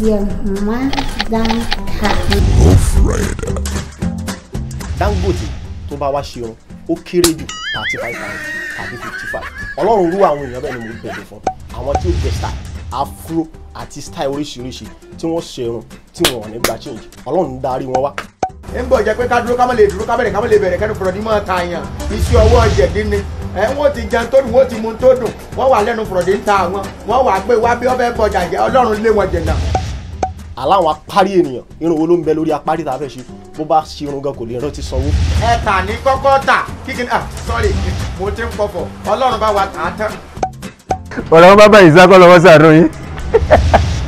Yorùbá Dantata. Dangote tó bá wá ṣe irun ó kéré jù thirty five pounds tàbí fifty five ọlọ́run rú àwọn èèyàn bẹ́ẹ̀ ni mo bẹ̀rẹ̀ fún àwọn tí ó jẹ star afro àti style oríṣiríṣi tí wọ́n ṣe tí wọ́n ní gba change ọlọ́run darí wọn wá ń bọ̀ jẹ́ pé ká dúró ká má lè dúró ká bẹ̀rẹ̀ ká má lè bẹ̀rẹ̀ kẹ́nu fọ̀rọ̀ ní máa ta àyàn iṣẹ́ ọwọ́ jẹ̀dí ni ẹ wọ́n ti jẹun tó dùn wọ́n ti mu tó dùn wọ́n wà lẹ́nu fọ̀rọ̀ ní ta àwọn wọ́n wà pé wá bí ọbẹ̀ bọ̀jà jẹ́ ọlọ́run lé wọn jẹ̀nà aláwọn apárí ènìyàn irun wo ló ń bẹ lórí apárí tá a fẹ́ ṣe bó bá ṣe irun gan kò lè rántí sanwó. ẹ tà ní kọ́kọ́ tà kíkì ah sorry mo ti ń pọ̀fọ̀ ọlọ́run bá wa tà á tán. ọ̀rọ̀ wọn bá bá ìsákọ́ lọ́wọ́ sàánú yín.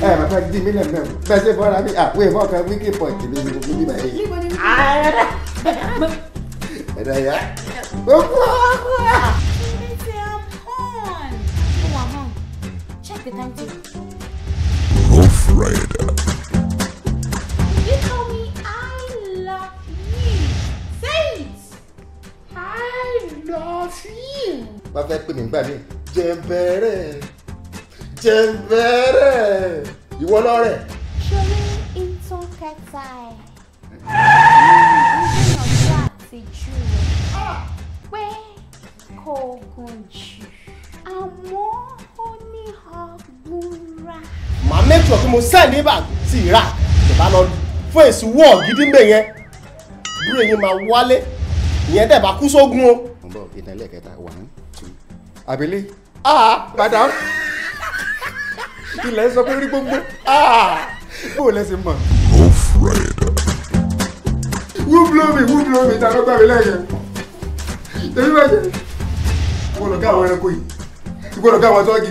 ẹ ẹ bàbá di mílíọ̀nù mẹ́rin bẹ́ẹ̀ ṣe fọ́ra mi àwọn èèmọ̀ kan wíkì pọ̀ǹtì mi ni mo bíbá yìí. ẹ̀dá ya. Check bá fẹ́ pè mí gbà mí jẹ̀bẹ̀rẹ̀ jẹ̀bẹ̀rẹ̀ ìwọ lọ́rẹ̀. ṣeré ìtàn kẹta ẹ̀ ìgbìyànjú àtijú rẹ̀ pé kò gùn jù àmọ́ ó ní ọgbúnra. màá mẹ́tọ̀ tí mo sẹ́ nígbà tí ì rà ìbá lọ fún èsì wọ́ọ̀ gidi mbẹ̀ yẹn dúró yẹn máa wálé ìyẹn dẹ̀ bá kú sógun o. mo bọ̀ ìtàn ilé kẹta wà ní àbílẹ̀ ah madam ilẹ̀ sọ pé rí gbogbo ah bó lẹ́sìn mọ̀. ó fura ẹ̀ dá. wú blow me wú blow me tàbí gbàgbé lẹ́yìn èmi bàjẹ́ mo lọ ká àwọn ẹranko yìí gbọ́dọ̀ ká àwọn tọ́gì.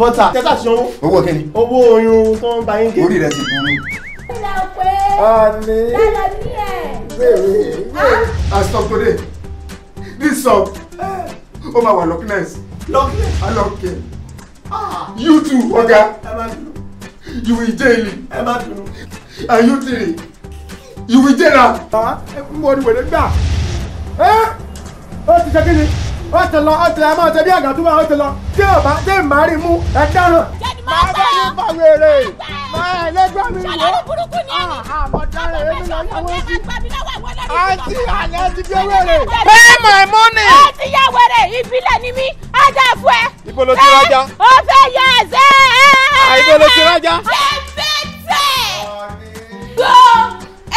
bọ́tà tẹ́tà sí owó. owó kí ni. owó oyún tó ń ba yín gé. orí rẹ ti burú. ó lọ pé ọ̀nì lálẹ́ ní ẹ̀. bẹ́ẹ̀ ni as of today this song ó máa wà lọ́kínẹ́sì. lọ́kínẹ́sì. alọ́kẹ́. Ah. you too ọ̀gá. ẹ má dùn. you will jail. ẹ Are you three. you will jail am. bàbá ẹ kún mọ́ orí wẹ̀rẹ̀ gbà. ẹ ó ti ṣe kí ni ó ti lọ ó ti lọ ẹ máa ṣe bí àgbà tó bá ó ti lọ tí ò bá tí ì má rí mú ẹ dáràn. máa bá yín bá wèrè máa ẹlẹgbẹ́ mi wò ó àmọ̀dára èmi lọ yàwó sí pay my money ìbílẹ̀ ni mí ajá fún ẹ. ibo ti rájá. ó fẹ́ yọ ẹsẹ̀. Ah, ibo ti rájá. bẹ́ẹ̀bẹ́tẹ̀ go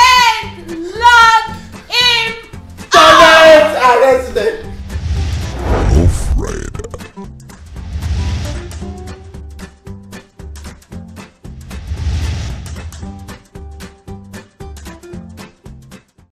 and lock him. toilet arrest them.